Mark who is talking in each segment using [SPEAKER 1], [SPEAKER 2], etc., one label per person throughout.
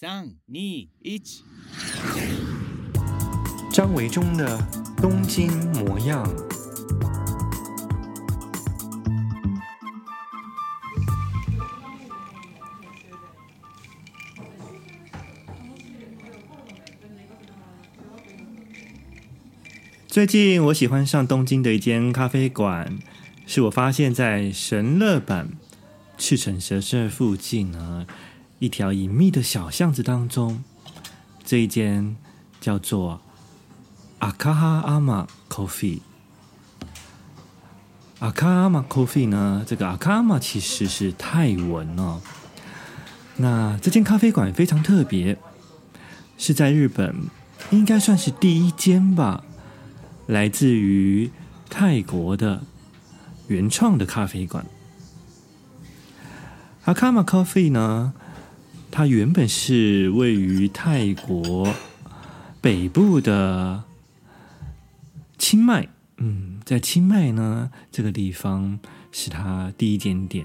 [SPEAKER 1] 三、二、一。張維中的東京模樣。最近我喜歡上東京的一間咖啡館，是我發現，在神樂坂「赤城神社」附近啊。一條隱秘的小巷子當中，這一間叫做阿卡哈阿 a 咖啡，阿卡 f f 咖啡呢？這個阿卡 m a 其實是泰文哦。那這間咖啡館非常特別，是在日本應該算是第一間吧，來自於泰國的原創的咖啡館。阿卡 f f 咖啡呢？它原本是位於泰國北部的清邁，嗯，在清邁呢，這個地方是它第一間店。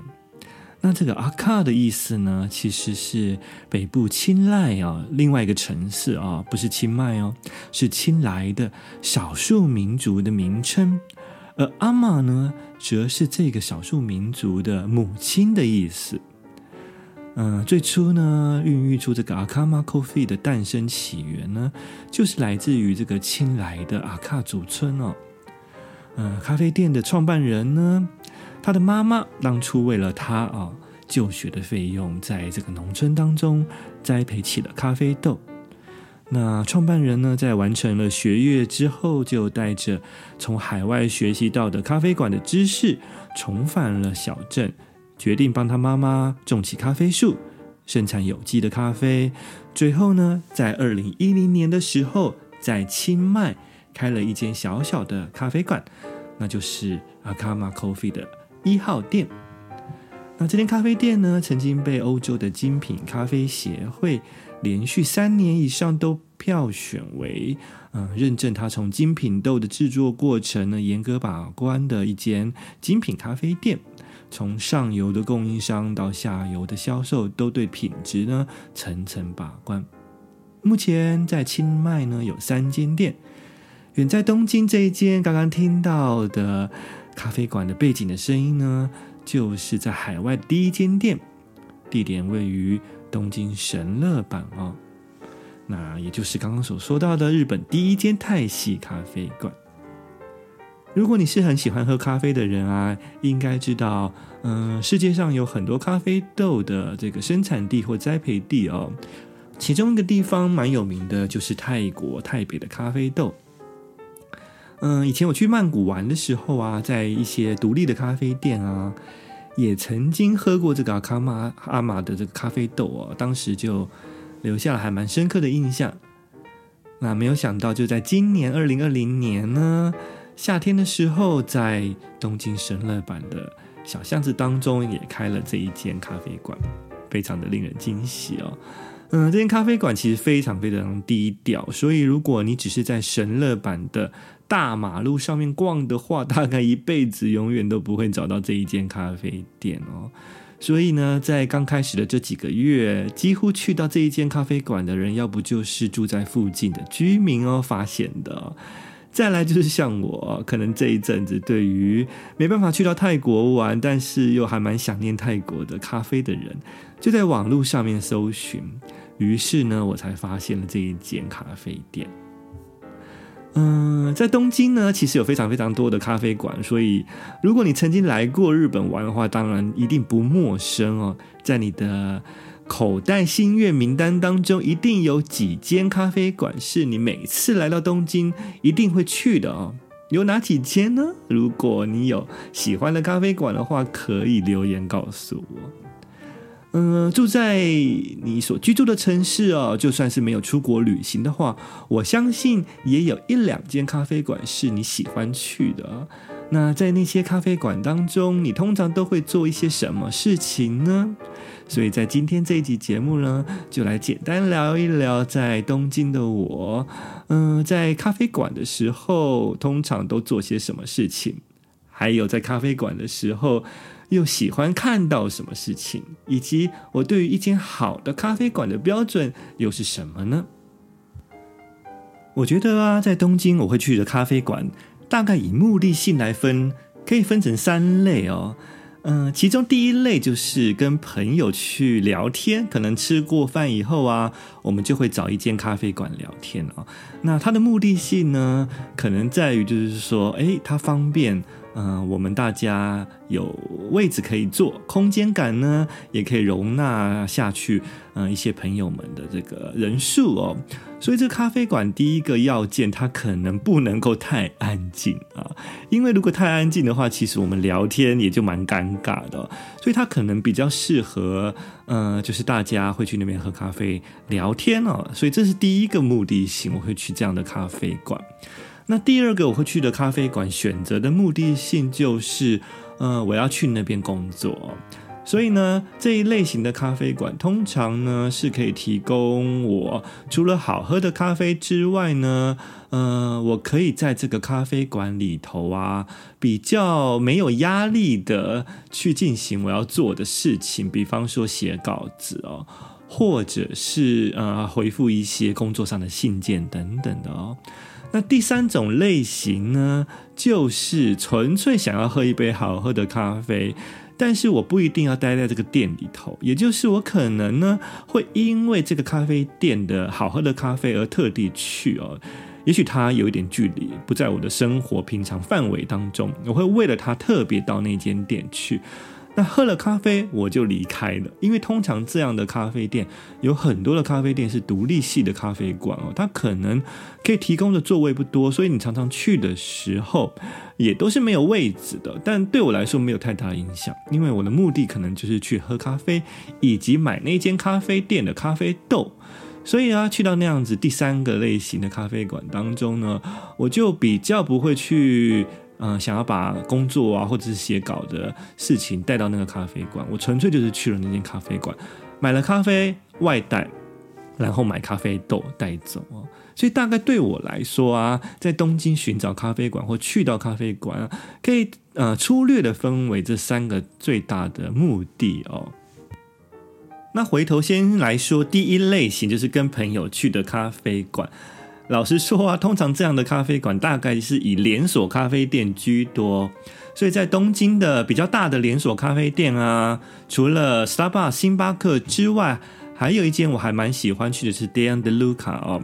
[SPEAKER 1] 那這個阿卡的意思呢，其實是北部清萊啊、哦，另外一個城市啊、哦，不是清邁哦，是清萊的少數民族的名稱，而阿瑪呢，則是這個少數民族的母親的意思。嗯、呃，最初呢，孕育出這個阿卡瑪咖啡的誕生起源呢，就是來自於這個清萊的阿卡祖村哦。嗯、呃，咖啡店的創辦人呢，他的媽媽當初為了他啊、哦、就學的費用，在這個農村當中栽培起了咖啡豆。那創辦人呢，在完成了學業之後，就帶着從海外學習到的咖啡館的知識，重返了小鎮。決定幫他媽媽種起咖啡樹，生產有機的咖啡。最後呢，在二零一零年的時候，在清邁開了一間小小的咖啡館，那就是阿卡瑪 coffee 的一號店。那這間咖啡店呢，曾經被歐洲的精品咖啡協會連續三年以上都票選為嗯、呃，認證他從精品豆的制作過程呢嚴格把關的一間精品咖啡店。從上游的供應商到下游的銷售，都對品質呢層層把關。目前在清邁呢有三間店，遠在東京這一間剛剛聽到的咖啡館的背景的聲音呢，就是在海外的第一間店，地點位於東京神樂坂啊、哦，那也就是剛剛所說到的日本第一間泰系咖啡館。如果你是很喜歡喝咖啡的人啊，應該知道，嗯，世界上有很多咖啡豆的這個生產地或栽培地哦。其中一個地方蠻有名的就是泰國泰北的咖啡豆。嗯，以前我去曼谷玩的時候啊，在一些獨立的咖啡店啊，也曾經喝過這個阿卡瑪阿瑪的這個咖啡豆哦，當時就留下了還蠻深刻的印象。那沒有想到，就在今年二零二零年呢。夏天的時候，在東京神樂坂的小巷子當中，也開了這一間咖啡館，非常的令人驚喜哦。嗯，這間咖啡館其實非常非常低調，所以如果你只是在神樂坂的大馬路上面逛的話，大概一輩子永遠都不會找到這一間咖啡店哦。所以呢，在剛開始的這幾個月，幾乎去到這一間咖啡館的人，要不就是住在附近的居民哦發現的哦。再來就是像我，可能這一陣子對於沒辦法去到泰國玩，但是又還蠻想念泰國的咖啡的人，就在網絡上面搜尋，於是呢，我才發現了這一間咖啡店。嗯，在東京呢，其實有非常非常多的咖啡館，所以如果你曾經來過日本玩的話，當然一定不陌生哦，在你的。口袋心願名單當中，一定有幾間咖啡館是你每次來到東京一定會去的哦。有哪幾間呢？如果你有喜歡的咖啡館的話，可以留言告訴我。嗯、呃，住在你所居住的城市哦，就算是沒有出國旅行的話，我相信也有一兩間咖啡館是你喜歡去的。那在那些咖啡館當中，你通常都會做一些什麼事情呢？所以在今天這一集節目呢，就來簡單聊一聊在東京的我，嗯、呃，在咖啡館的時候通常都做些什麼事情，還有在咖啡館的時候又喜歡看到什麼事情，以及我對於一間好的咖啡館的標準又是什麼呢？我覺得啊，在東京我會去的咖啡館，大概以目的性來分，可以分成三類哦。嗯、呃，其中第一類就是跟朋友去聊天，可能吃過飯以後啊，我們就會找一間咖啡館聊天啊、哦。那它的目的性呢，可能在於就是說，哎、欸，它方便。嗯、呃，我們大家有位置可以坐，空間感呢也可以容納下去，嗯、呃，一些朋友們的這個人數哦。所以這咖啡館第一個要件，它可能不能夠太安靜啊、哦，因為如果太安靜的話，其實我們聊天也就蠻尷尬的。所以它可能比較適合，嗯、呃，就是大家會去那邊喝咖啡聊天哦。所以這是第一個目的性，我會去這樣的咖啡館。那第二個我會去的咖啡館，選擇的目的性就是，呃，我要去那邊工作，所以呢，這一類型的咖啡館通常呢是可以提供我除了好喝的咖啡之外呢，呃，我可以在這個咖啡館裡頭啊，比較沒有壓力的去進行我要做的事情，比方說寫稿子哦，或者是，呃，回覆一些工作上的信件等等的哦。那第三種類型呢，就是純粹想要喝一杯好喝的咖啡，但是我不一定要待在這個店裡頭。也就是我可能呢，會因為這個咖啡店的好喝的咖啡而特地去哦。也許它有一點距離，不在我的生活平常範圍當中，我會為了它特別到那間店去。那喝了咖啡我就離開了，因為通常這樣的咖啡店，有很多的咖啡店是獨立系的咖啡館哦，它可能可以提供的座位不多，所以你常常去的時候也都是沒有位置的。但對我來說沒有太大影響，因為我的目的可能就是去喝咖啡以及買那間咖啡店的咖啡豆，所以啊，去到那樣子第三個類型的咖啡館當中呢，我就比較不會去。嗯、呃，想要把工作啊，或者是寫稿的事情帶到那個咖啡館。我純粹就是去了那間咖啡館，買了咖啡外帶，然後買咖啡豆帶走哦，所以大概對我來說啊，在東京尋找咖啡館或去到咖啡館、啊、可以呃粗略的分為這三個最大的目的哦。那回頭先來說第一類型，就是跟朋友去的咖啡館。老實說啊，通常這樣的咖啡館大概是以連鎖咖啡店居多，所以在東京的比較大的連鎖咖啡店啊，除了 Starbucks 星巴克之外，還有一間我還蠻喜歡去的是 Dean & DeLuca 哦。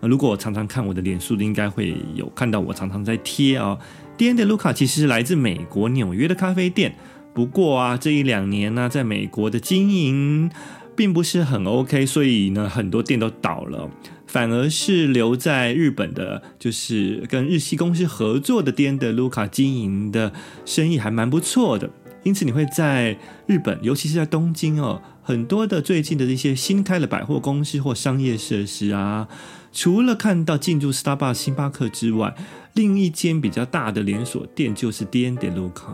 [SPEAKER 1] 如果我常常看我的臉書，應該會有看到我常常在貼哦。Dean & DeLuca 其實是來自美國紐約的咖啡店，不過啊，這一兩年呢、啊，在美國的經營並不是很 OK，所以呢，很多店都倒了。反而是留在日本的，就是跟日系公司合作的 Dean & DeLuca 經營的生意還蠻不錯的。因此你會在日本，尤其是在東京哦，很多的最近的一些新開的百貨公司或商業設施啊，除了看到進駐 Starbucks 星巴克之外，另一間比較大的連鎖店就是 Dean & DeLuca。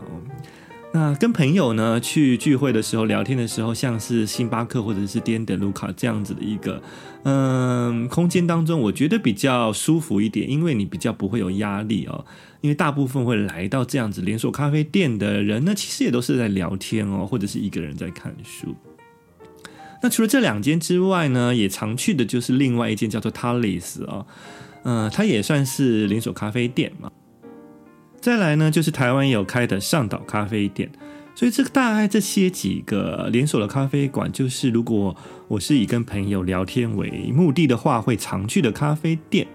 [SPEAKER 1] 那跟朋友呢去聚會的時候，聊天的時候，像是星巴克或者是 D N 的盧卡這樣子的一個，嗯，空間當中，我覺得比較舒服一點，因為你比較不會有壓力哦。因為大部分會來到這樣子連鎖咖啡店的人，呢，其實也都是在聊天哦，或者是一個人在看書。那除了這兩間之外呢，也常去的就是另外一間叫做 Talis 啊、哦，嗯，它也算是連鎖咖啡店嘛。再來呢，就是台灣有開的上島咖啡店。所以這個大概這些幾個連鎖的咖啡館，就是如果我是以跟朋友聊天為目的的話，會常去的咖啡店。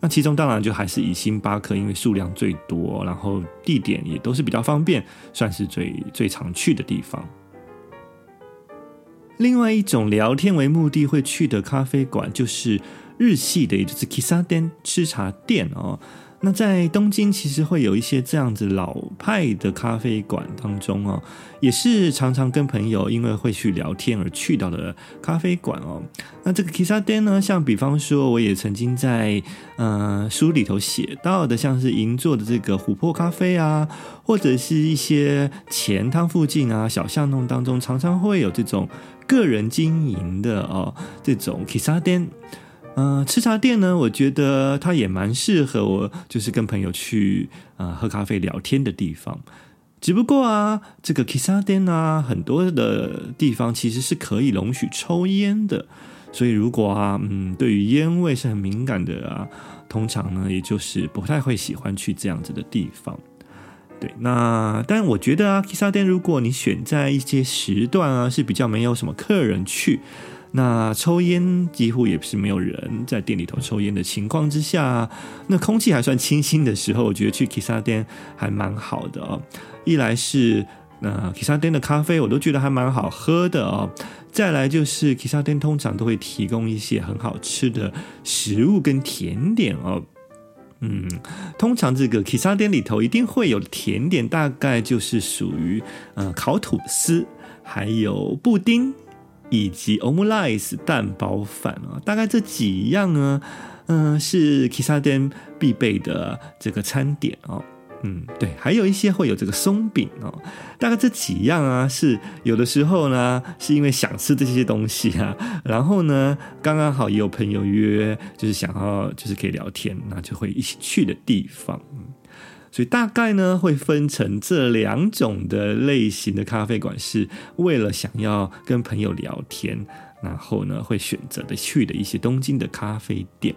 [SPEAKER 1] 那其中當然就還是以星巴克，因為數量最多，然後地點也都是比較方便，算是最最常去的地方。另外一種聊天為目的會去的咖啡館，就是日系的，也就是 Kissaten 吃茶店哦、喔。那在東京，其實會有一些這樣子老派的咖啡館當中哦，也是常常跟朋友因為會去聊天而去到的咖啡館哦。那這個喫茶店呢，像比方說，我也曾經在呃書裡頭寫到的，像是銀座的這個琥珀咖啡啊，或者是一些錢湯附近啊小巷弄當中，常常會有這種個人經營的哦這種喫茶店。嗯、呃，吃茶店呢，我覺得它也蠻適合我，就是跟朋友去啊、呃、喝咖啡聊天的地方。只不過啊，這個 kissa 店啊，很多的地方其實是可以容許抽煙的，所以如果啊，嗯，對於煙味是很敏感的啊，通常呢，也就是不太會喜歡去這樣子的地方。對，那但我覺得啊 kissa 店，如果你選在一些時段啊，是比較沒有什麼客人去。那抽煙幾乎也不是沒有人在店裡頭抽煙的情況之下啊，那空氣還算清新的時候，我覺得去 Kissa 店還蠻好的哦。一來是呃 Kissa 店的咖啡我都覺得還蠻好喝的哦，再來就是 Kissa 店通常都會提供一些很好吃的食物跟甜點哦。嗯，通常這個 Kissa 店裡頭一定會有甜點，大概就是屬於嗯烤吐司、還有布丁。以及オムライス蛋包飯啊，大概這幾樣呢，啊，嗯，是喫茶店必備的這個餐點哦。嗯，對，還有一些會有這個鬆餅哦。大概這幾樣啊，是有的時候呢，是因為想吃這些東西啊，然後呢，剛剛好也有朋友約，就是想要就是可以聊天，那就會一起去的地方。所以大概呢，會分成這兩種的類型的咖啡館，是為了想要跟朋友聊天，然後呢，會選擇的去的一些東京的咖啡店。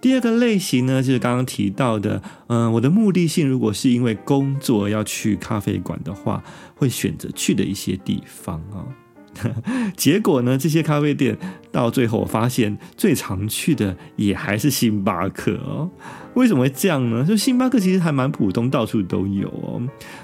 [SPEAKER 1] 第二個類型呢，就是剛剛提到的，嗯、呃，我的目的性如果是因為工作要去咖啡館的話，會選擇去的一些地方啊、哦。結果呢，這些咖啡店到最後我發現最常去的也還是星巴克哦。為什麼會這樣呢？就星巴克其實還蠻普通，到處都有哦。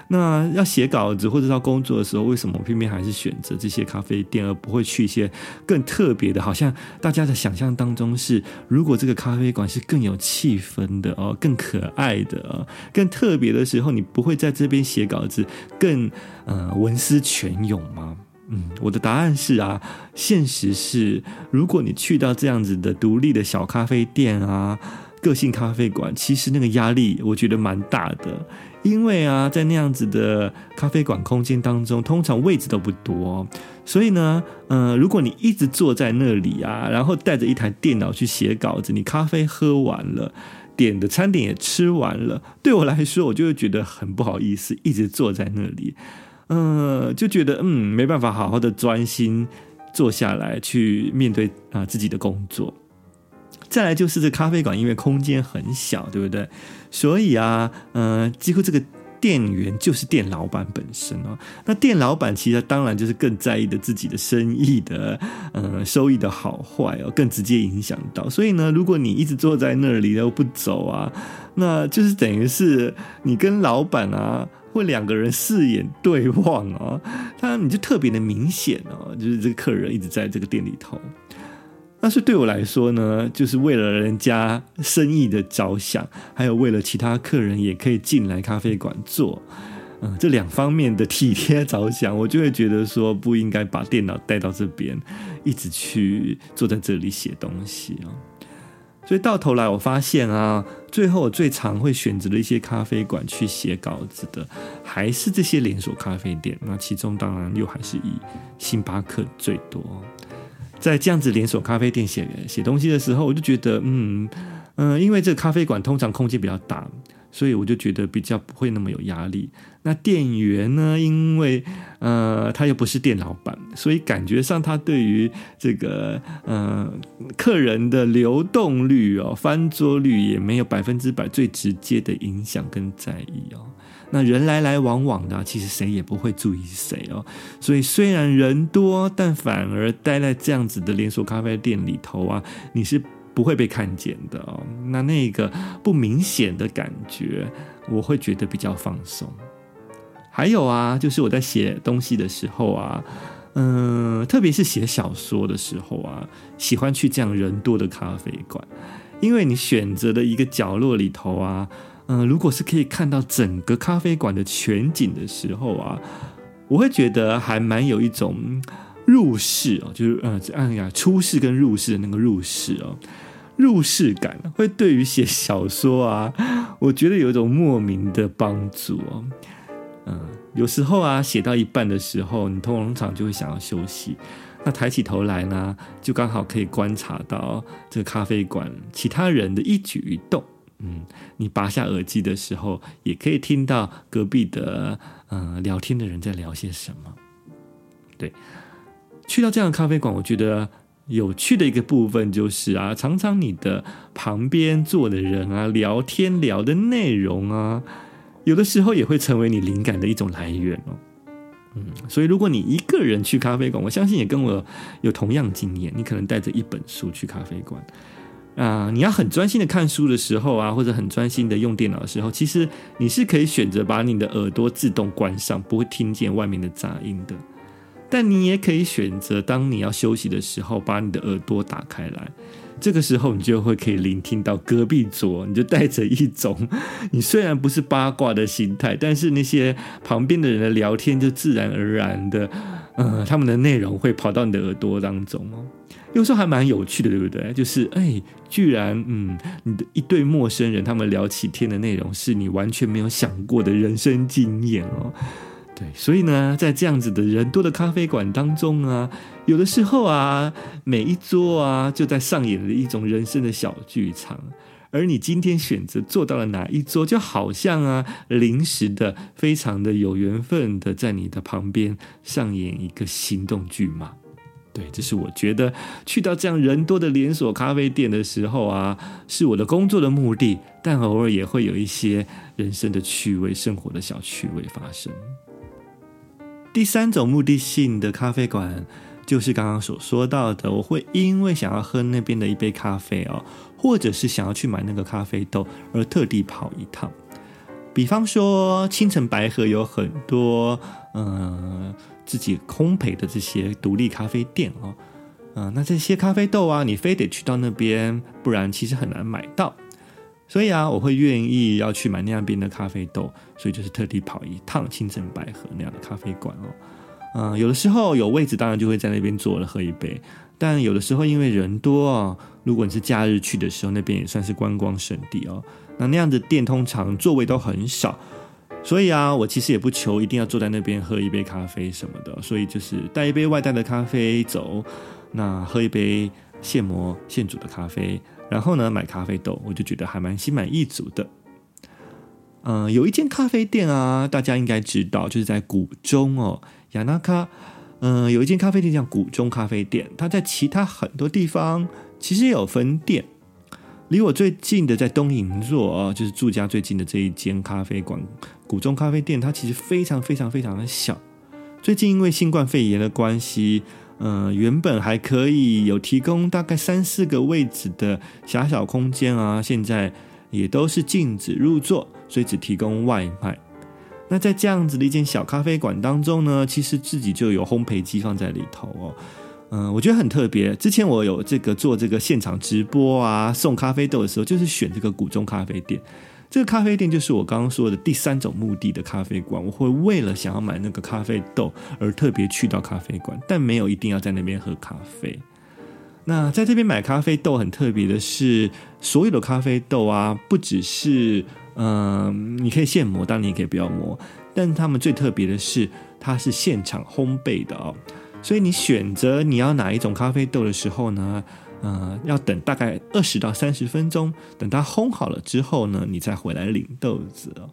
[SPEAKER 1] 那要寫稿子或者到工作的時候，為什麼我偏偏還是選擇這些咖啡店，而不會去一些更特別的？好像大家的想象當中是，如果這個咖啡館是更有氣氛的哦，更可愛的，更特別的時候，你不會在這邊寫稿子更呃文思泉湧嗎？嗯，我的答案是啊，現實是，如果你去到這樣子的獨立的小咖啡店啊，個性咖啡館，其實那個壓力我覺得蠻大的，因為啊，在那樣子的咖啡館空間當中，通常位置都不多，所以呢，嗯，如果你一直坐在那裡啊，然後帶着一台電腦去寫稿子，你咖啡喝完了，點的餐點也吃完了，對我來說，我就會覺得很不好意思，一直坐在那裡。嗯、呃，就覺得嗯，沒辦法好好的專心坐下來去面對啊、呃、自己的工作。再來就是這咖啡館，因為空間很小，對不對？所以啊，嗯、呃，幾乎這個店員就是店老板本身哦。那店老板其實當然就是更在意的自己的生意的，嗯、呃，收益的好壞哦，更直接影響到。所以呢，如果你一直坐在那裡都不走啊，那就是等於是你跟老板啊。會兩個人四眼對望哦，當然你就特別的明顯哦，就是這個客人一直在這個店裡頭。但是對我來說呢，就是為了人家生意的着想，還有為了其他客人也可以進來咖啡館坐，嗯，這兩方面的體貼着想，我就會覺得說不應該把電腦帶到這邊，一直去坐在這裡寫東西啊、哦。所以到頭來，我發現啊，最後我最常會選擇的一些咖啡館去寫稿子的，還是這些連鎖咖啡店。那其中當然又還是以星巴克最多。在這樣子連鎖咖啡店寫寫東西的時候，我就覺得，嗯嗯、呃，因為這個咖啡館通常空間比較大。所以我就覺得比較不會那麼有壓力。那店員呢？因為呃，他又不是店老闆，所以感覺上他對於這個呃客人的流動率哦、翻桌率也沒有百分之百最直接的影響跟在意哦。那人來來往往的啊，其實誰也不會注意誰哦。所以雖然人多，但反而待在這樣子的連鎖咖啡店裡頭啊，你是。不會被看見的哦，那那個不明顯的感覺，我會覺得比較放鬆。還有啊，就是我在寫東西的時候啊，嗯、呃，特別是寫小說的時候啊，喜歡去這樣人多的咖啡館，因為你選擇的一個角落裡頭啊，嗯、呃，如果是可以看到整個咖啡館的全景的時候啊，我會覺得還蠻有一種。入世哦，就是嗯，按、呃、呀，出世跟入世的那個入世哦，入世感會對於寫小說啊，我覺得有一種莫名的幫助哦。嗯，有時候啊，寫到一半的時候，你通常就會想要休息。那抬起頭來呢，就剛好可以觀察到這個咖啡館其他人的一舉一動。嗯，你拔下耳機的時候，也可以聽到隔壁的嗯聊天的人在聊些什麼。對。去到這樣的咖啡館，我覺得有趣的一個部分就是啊，常常你的旁邊坐的人啊，聊天聊的內容啊，有的時候也會成為你靈感的一種來源哦。嗯，所以如果你一個人去咖啡館，我相信也跟我有同樣經驗，你可能帶着一本書去咖啡館啊，呃，你要很專心的看書的時候啊，或者很專心的用電腦的時候，其實你是可以選擇把你的耳朵自動關上，不會聽見外面的雜音的。但你也可以選擇，當你要休息的時候，把你的耳朵打開來。這個時候，你就會可以聆聽到隔壁桌，你就帶着一種，你雖然不是八卦的心態，但是那些旁邊的人的聊天，就自然而然的，嗯、呃，他們的內容會跑到你的耳朵當中哦。有時候還蠻有趣的，對不對？就是，哎、欸，居然，嗯，你的一對陌生人，他們聊起天的內容，是你完全沒有想過的人生經驗哦。對，所以呢，在這樣子的人多的咖啡館當中啊，有的時候啊，每一桌啊，就在上演着一種人生的小劇場。而你今天選擇坐到了哪一桌，就好像啊，臨時的、非常的有緣分的，在你的旁邊上演一個行動劇嘛。對，這是我覺得去到這樣人多的連鎖咖啡店的時候啊，是我的工作的目的，但偶爾也會有一些人生的趣味、生活的小趣味發生。第三種目的性的咖啡館，就是剛剛所說到的，我會因為想要喝那邊的一杯咖啡哦，或者是想要去買那個咖啡豆而特地跑一趟。比方說，清澄白河有很多嗯、呃、自己烘焙的這些獨立咖啡店哦，嗯、呃，那這些咖啡豆啊，你非得去到那邊，不然其實很難買到。所以啊，我會願意要去買那樣邊的咖啡豆，所以就是特地跑一趟清澄白河那樣的咖啡館哦。嗯，有的時候有位置，當然就會在那邊坐着喝一杯；但有的時候因為人多哦，如果你是假日去的時候，那邊也算是觀光勝地哦。那那樣的店通常座位都很少，所以啊，我其實也不求一定要坐在那邊喝一杯咖啡什麼的，所以就是帶一杯外帶的咖啡走，那喝一杯現磨現煮的咖啡。然後呢，買咖啡豆，我就覺得還蠻心滿意足的。嗯、呃，有一間咖啡店啊，大家應該知道，就是在谷中哦，雅那咖。嗯、呃，有一間咖啡店叫谷中咖啡店，它在其他很多地方其實也有分店。離我最近的在東銀座哦，就是住家最近的這一間咖啡館，谷中咖啡店，它其實非常非常非常的小。最近因為新冠肺炎的關係。嗯、呃，原本還可以有提供大概三四個位置的狹小空間啊，現在也都是禁止入座，所以只提供外賣。那在這樣子的一間小咖啡館當中呢，其實自己就有烘焙機放在裡頭哦。嗯、呃，我覺得很特別。之前我有這個做這個現場直播啊，送咖啡豆的時候，就是選這個古中咖啡店。這個咖啡店就是我剛剛說的第三種目的的咖啡館，我會為了想要買那個咖啡豆而特別去到咖啡館，但沒有一定要在那邊喝咖啡。那在這邊買咖啡豆很特別的是，所有的咖啡豆啊，不只是嗯、呃，你可以現磨，當然也可以不要磨，但他們最特別的是，它是現場烘焙的哦。所以你選擇你要哪一種咖啡豆的時候呢，呃，要等大概二十到三十分鐘，等它烘好了之後呢，你再回來領豆子哦。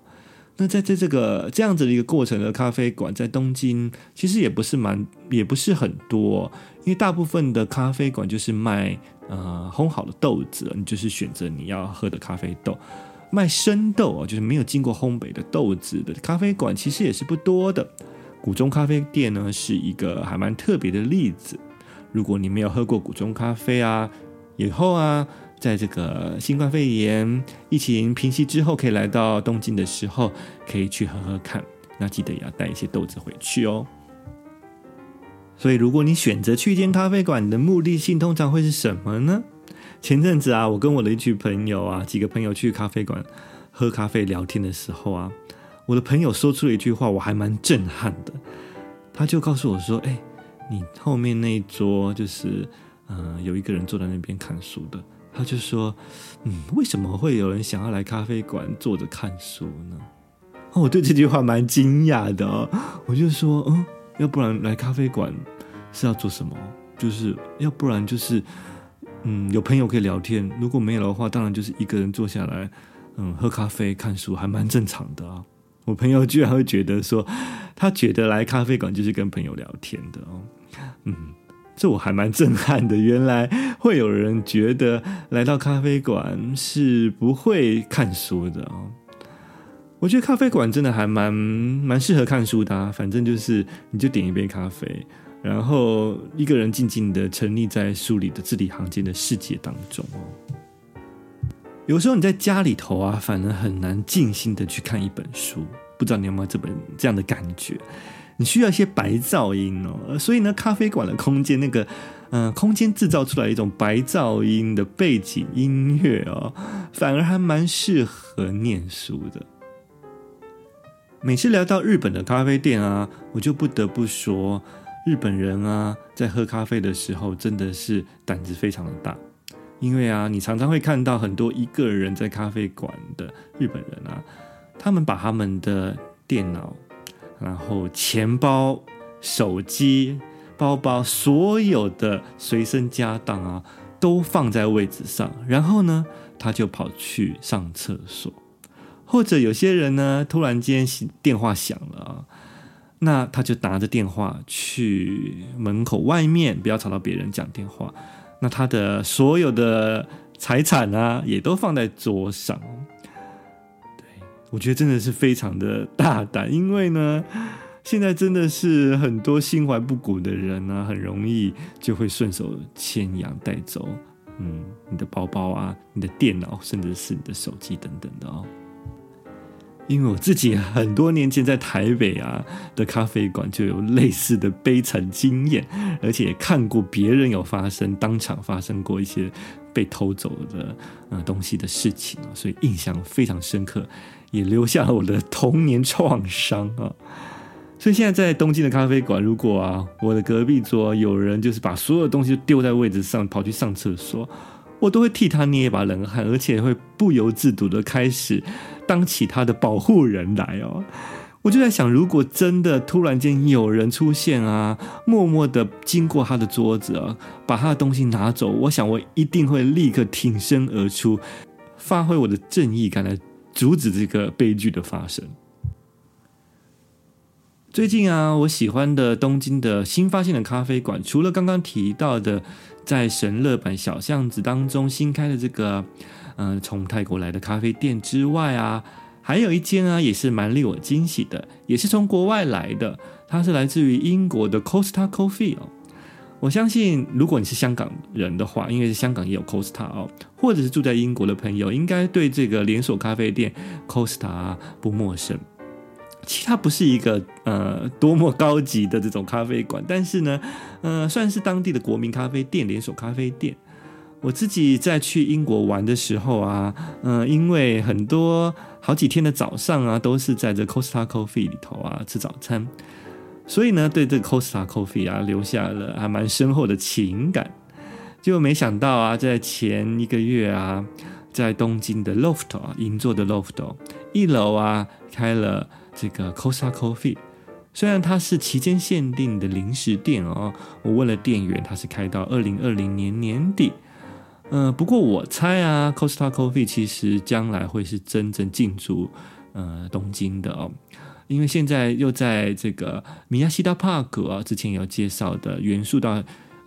[SPEAKER 1] 那在在這個這樣子的一個過程的咖啡館，在東京其實也不是蠻，也不是很多，因為大部分的咖啡館就是賣呃烘好的豆子，你就是選擇你要喝的咖啡豆。賣生豆啊，就是沒有經過烘焙的豆子的咖啡館，其實也是不多的。谷中咖啡店呢，是一個還蠻特別的例子。如果你沒有喝過谷中咖啡啊，以後啊，在這個新冠肺炎疫情平息之後，可以來到東京的時候，可以去喝喝看。那記得也要帶一些豆子回去哦。所以，如果你選擇去一間咖啡館的目的性，通常會是什麼呢？前陣子啊，我跟我的一群朋友啊，幾個朋友去咖啡館喝咖啡聊天的時候啊，我的朋友說出了一句話，我還蠻震撼的。他就告訴我說：“誒……你後面那一桌就是，嗯、呃，有一個人坐在那邊看書的，他就說，嗯，為什麼會有人想要來咖啡館坐着看書呢？哦，我對這句話蠻驚訝的、哦，我就說，哦、嗯，要不然來咖啡館是要做什麼？就是要不然就是，嗯，有朋友可以聊天。如果沒有的話，當然就是一個人坐下來，嗯，喝咖啡看書還蠻正常的啊、哦。我朋友居然會覺得說，他覺得來咖啡館就是跟朋友聊天的哦。嗯，這我還蠻震撼的。原來會有人覺得來到咖啡館是不會看書的啊、哦！我覺得咖啡館真的還蠻蠻適合看書的啊。反正就是你就點一杯咖啡，然後一個人靜靜的沉溺在書裡的字裡行間的世界當中。有時候你在家裡頭啊，反而很難靜心的去看一本書。不知道你有沒有這本這樣的感覺？你需要一些白噪音哦，所以呢，咖啡館的空間那個，嗯、呃，空間制造出來一種白噪音的背景音樂哦，反而還蠻適合念書的。每次聊到日本的咖啡店啊，我就不得不說，日本人啊，在喝咖啡的時候真的是膽子非常的大，因為啊，你常常會看到很多一個人在咖啡館的日本人啊，他們把他們的電腦。然後錢包、手機、包包，所有的隨身家當啊，都放在位置上。然後呢，他就跑去上廁所，或者有些人呢，突然間電話響了啊，那他就拿着電話去門口外面，不要吵到別人講電話。那他的所有的財產啊，也都放在桌上。我覺得真的是非常的大膽，因為呢，現在真的是很多心懷不軌的人呢、啊，很容易就會順手牽羊帶走，嗯，你的包包啊，你的電腦，甚至是你的手機等等的哦。因為我自己很多年前在台北啊的咖啡館就有類似的悲慘經驗，而且看過別人有發生當場發生過一些被偷走的、呃、東西的事情，所以印象非常深刻。也留下了我的童年創傷啊！所以現在在東京的咖啡館，如果啊我的隔壁桌有人就是把所有東西丟在位置上跑去上廁所，我都會替他捏一把冷汗，而且會不由自主的開始當起他的保護人來哦！我就在想，如果真的突然間有人出現啊，默默的經過他的桌子啊，把他的東西拿走，我想我一定會立刻挺身而出，發揮我的正義感來。阻止這個悲劇的發生。最近啊，我喜歡的東京的新發現的咖啡館，除了剛剛提到的在神樂坂小巷子當中新開的這個嗯、呃、從泰國來的咖啡店之外啊，還有一間啊也是蠻令我驚喜的，也是從國外來的，它是來自於英國的 Costa Coffee 哦。我相信，如果你是香港人的話，因為香港也有 Costa 哦，或者是住在英國的朋友，應該對這個連鎖咖啡店 Costa 不陌生。其實它不是一個呃多麼高級的這種咖啡館，但是呢，呃，算是當地的國民咖啡店連鎖咖啡店。我自己在去英國玩的時候啊，呃，因為很多好幾天的早上啊，都是在這 Costa Coffee 裡頭啊吃早餐。所以呢，對這個 Costa Coffee 啊，留下了還蠻深厚的情感。就沒想到啊，在前一個月啊，在東京的 Loft 啊，銀座的 Loft 一樓啊，開了這個 Costa Coffee。雖然它是期間限定的零食店哦，我問了店員，它是開到二零二零年年底。呃，不過我猜啊，Costa Coffee 其實將來會是真正進駐呃東京的哦。因為現在又在這個 Miyashita Park 啊，之前有介紹的元素到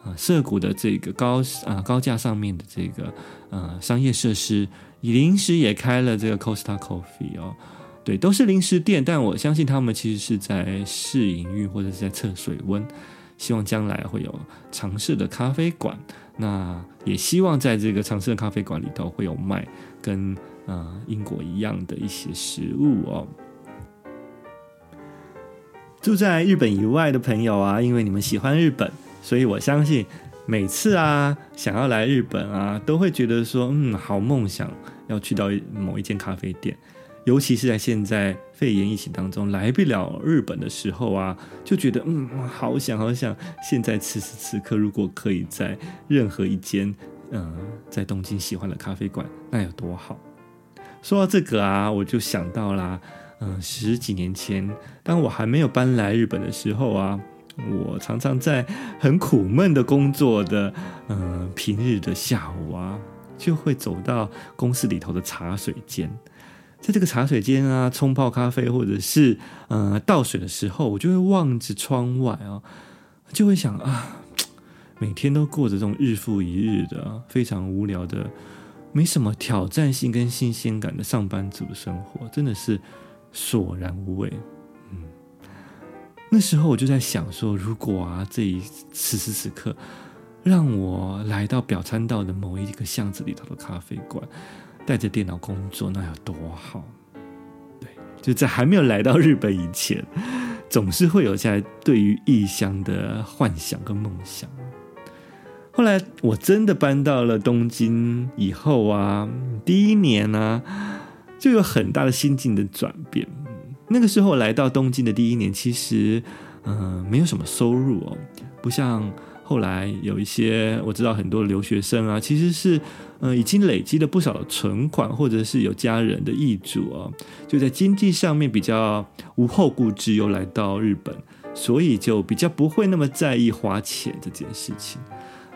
[SPEAKER 1] 啊，澀谷的這個高啊、呃、高架上面的這個呃商業設施，臨時也開了這個 Costa Coffee 哦，對，都是臨時店，但我相信他們其實是在試營運或者是在測水溫，希望將來會有常設的咖啡館，那也希望在這個常設的咖啡館裡頭會有賣跟啊、呃、英國一樣的一些食物哦。住在日本以外的朋友啊，因為你們喜歡日本，所以我相信每次啊想要來日本啊，都會覺得說，嗯，好夢想要去到某一間咖啡店，尤其是在現在肺炎疫情當中來不了日本的時候啊，就覺得嗯，好想好想。現在此時此刻，如果可以在任何一間，嗯，在東京喜歡的咖啡館，那有多好。說到這個啊，我就想到啦，啊。嗯、呃，十幾年前，當我還沒有搬來日本的時候啊，我常常在很苦悶的工作的，嗯、呃，平日的下午啊，就會走到公司裡頭的茶水間，在這個茶水間啊，沖泡咖啡或者是嗯、呃，倒水的時候，我就會望着窗外啊，就會想啊，每天都過着這種日復一日的非常無聊的，沒什麼挑戰性跟新鮮感的上班族生活，真的是。索然無味，嗯，那時候我就在想說，如果啊，這一此時此刻，讓我來到表參道的某一個巷子裡頭的咖啡館，帶着電腦工作，那有多好？對，就在還沒有來到日本以前，總是會有在對於異鄉的幻想跟夢想。後來我真的搬到了東京以後啊，第一年呢、啊。就有很大的心境的轉變。那個時候來到東京的第一年，其實，嗯、呃，沒有什麼收入哦，不像後來有一些我知道很多留學生啊，其實是，嗯、呃，已經累積了不少的存款，或者是有家人的挹助哦，就在經濟上面比較無後顧之憂來到日本，所以就比較不會那麼在意花錢這件事情。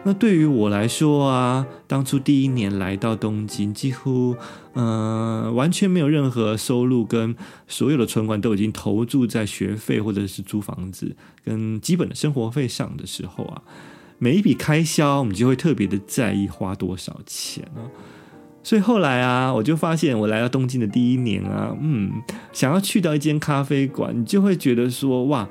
[SPEAKER 1] 那對於我來說啊，當初第一年來到東京，幾乎，嗯、呃，完全沒有任何收入，跟所有的存款都已經投注在學費或者是租房子跟基本的生活費上的時候啊，每一筆開銷我們就會特別的在意花多少錢呢。所以後來啊，我就發現我來到東京的第一年啊，嗯，想要去到一間咖啡館，你就會覺得說，哇。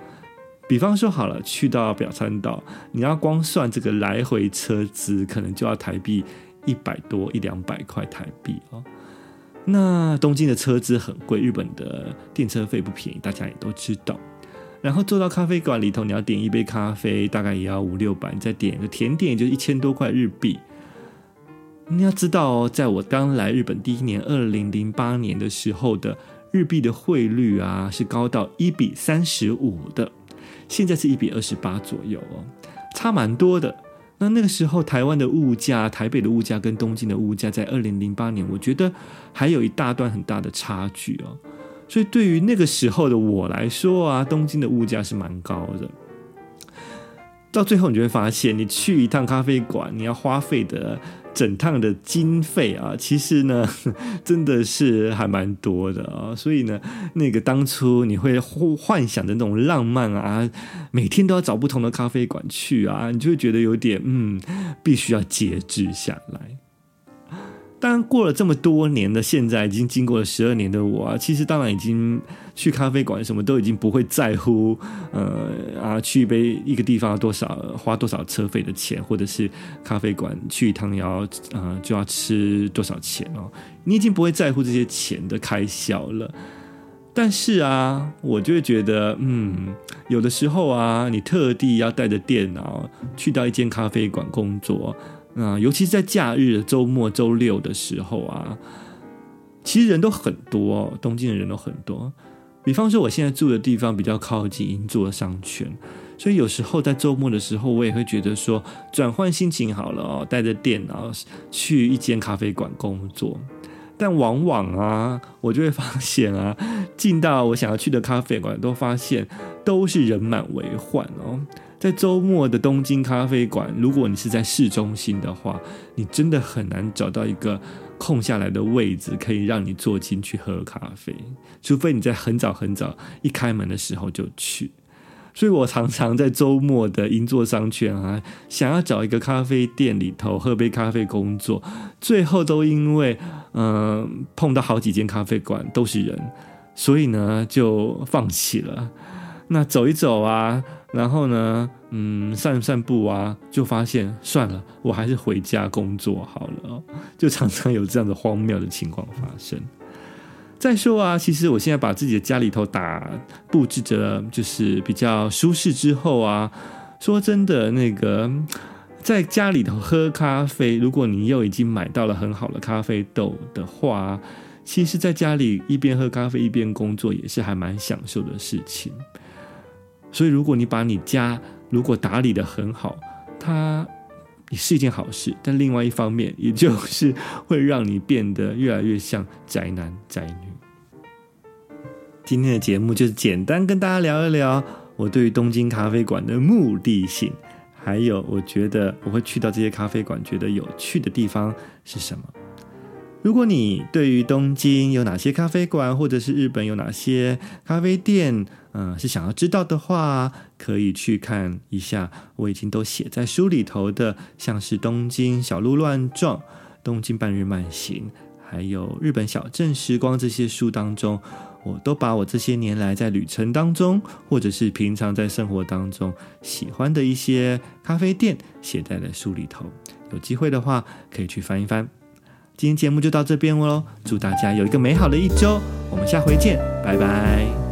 [SPEAKER 1] 比方說，好了，去到表參道，你要光算這個來回車資，可能就要台幣一百多，一兩百塊台幣哦。那東京的車資很貴，日本的電車費不便宜，大家也都知道。然後坐到咖啡館裡頭，你要點一杯咖啡，大概也要五六百，你再點個甜點也就一千多塊日幣。你要知道哦，在我剛來日本第一年，二零零八年的時候的日幣的匯率啊，是高到一比三十五的。現在是一比二十八左右哦，差蠻多的。那那個時候台灣的物價，台北的物價跟東京的物價，在二零零八年，我覺得還有一大段很大的差距哦。所以對於那個時候的我來說啊，東京的物價是蠻高的。到最後你就會發現，你去一趟咖啡館，你要花費的。整趟的經費啊，其實呢，真的是還蠻多的啊，哦，所以呢，那個當初你會幻想的那種浪漫啊，每天都要找不同的咖啡館去啊，你就會覺得有點嗯，必須要節制下來。當然，過了這麼多年的，現在已經經過了十二年的我啊，其實當然已經去咖啡館什麼都已經不會在乎，呃啊，去一杯一個地方多少花多少車費的錢，或者是咖啡館去一趟要啊、呃、就要吃多少錢哦，你已經不會在乎這些錢的開銷了。但是啊，我就會覺得，嗯，有的時候啊，你特地要帶着電腦去到一間咖啡館工作。嗯，尤其是在假日、週末、週六的時候啊，其實人都很多哦，東京的人都很多。比方說，我現在住的地方比較靠近銀座商圈，所以有時候在週末的時候，我也會覺得說，轉換心情好了哦，帶着電腦去一間咖啡館工作。但往往啊，我就會發現啊，進到我想要去的咖啡館，都發現都是人滿為患哦。在週末的東京咖啡館，如果你是在市中心的話，你真的很難找到一個空下來的位置可以讓你坐進去喝咖啡，除非你在很早很早一開門的時候就去。所以我常常在週末的銀座商圈啊，想要找一個咖啡店裡頭喝杯咖啡工作，最後都因為嗯、呃，碰到好幾間咖啡館都是人，所以呢就放棄了。那走一走啊，然後呢，嗯，散散步啊，就發現算了，我還是回家工作好了哦。就常常有這樣的荒謬的情況發生。嗯。再說啊，其實我現在把自己的家裡頭打布置着，就是比較舒適之後啊，說真的，那個在家裡頭喝咖啡，如果你又已經買到了很好的咖啡豆的話，其實在家裡一邊喝咖啡一邊工作，也是還蠻享受的事情。所以，如果你把你家如果打理得很好，它也是一件好事。但另外一方面，也就是會讓你變得越來越像宅男宅女。今天的節目就是簡單跟大家聊一聊，我對於東京咖啡館的目的性，還有我覺得我會去到這些咖啡館，覺得有趣的地方是什麼。如果你對於東京有哪些咖啡館，或者是日本有哪些咖啡店，嗯、呃，是想要知道的話，可以去看一下，我已經都寫在書裡頭的，像是《東京小路亂撞》《東京半日慢行》，還有《日本小鎮時光》這些書當中，我都把我這些年來在旅程當中，或者是平常在生活當中喜歡的一些咖啡店寫在了書裡頭，有機會的話可以去翻一翻。今天節目就到這邊嘍，祝大家有一個美好的一周，我們下回見，拜拜。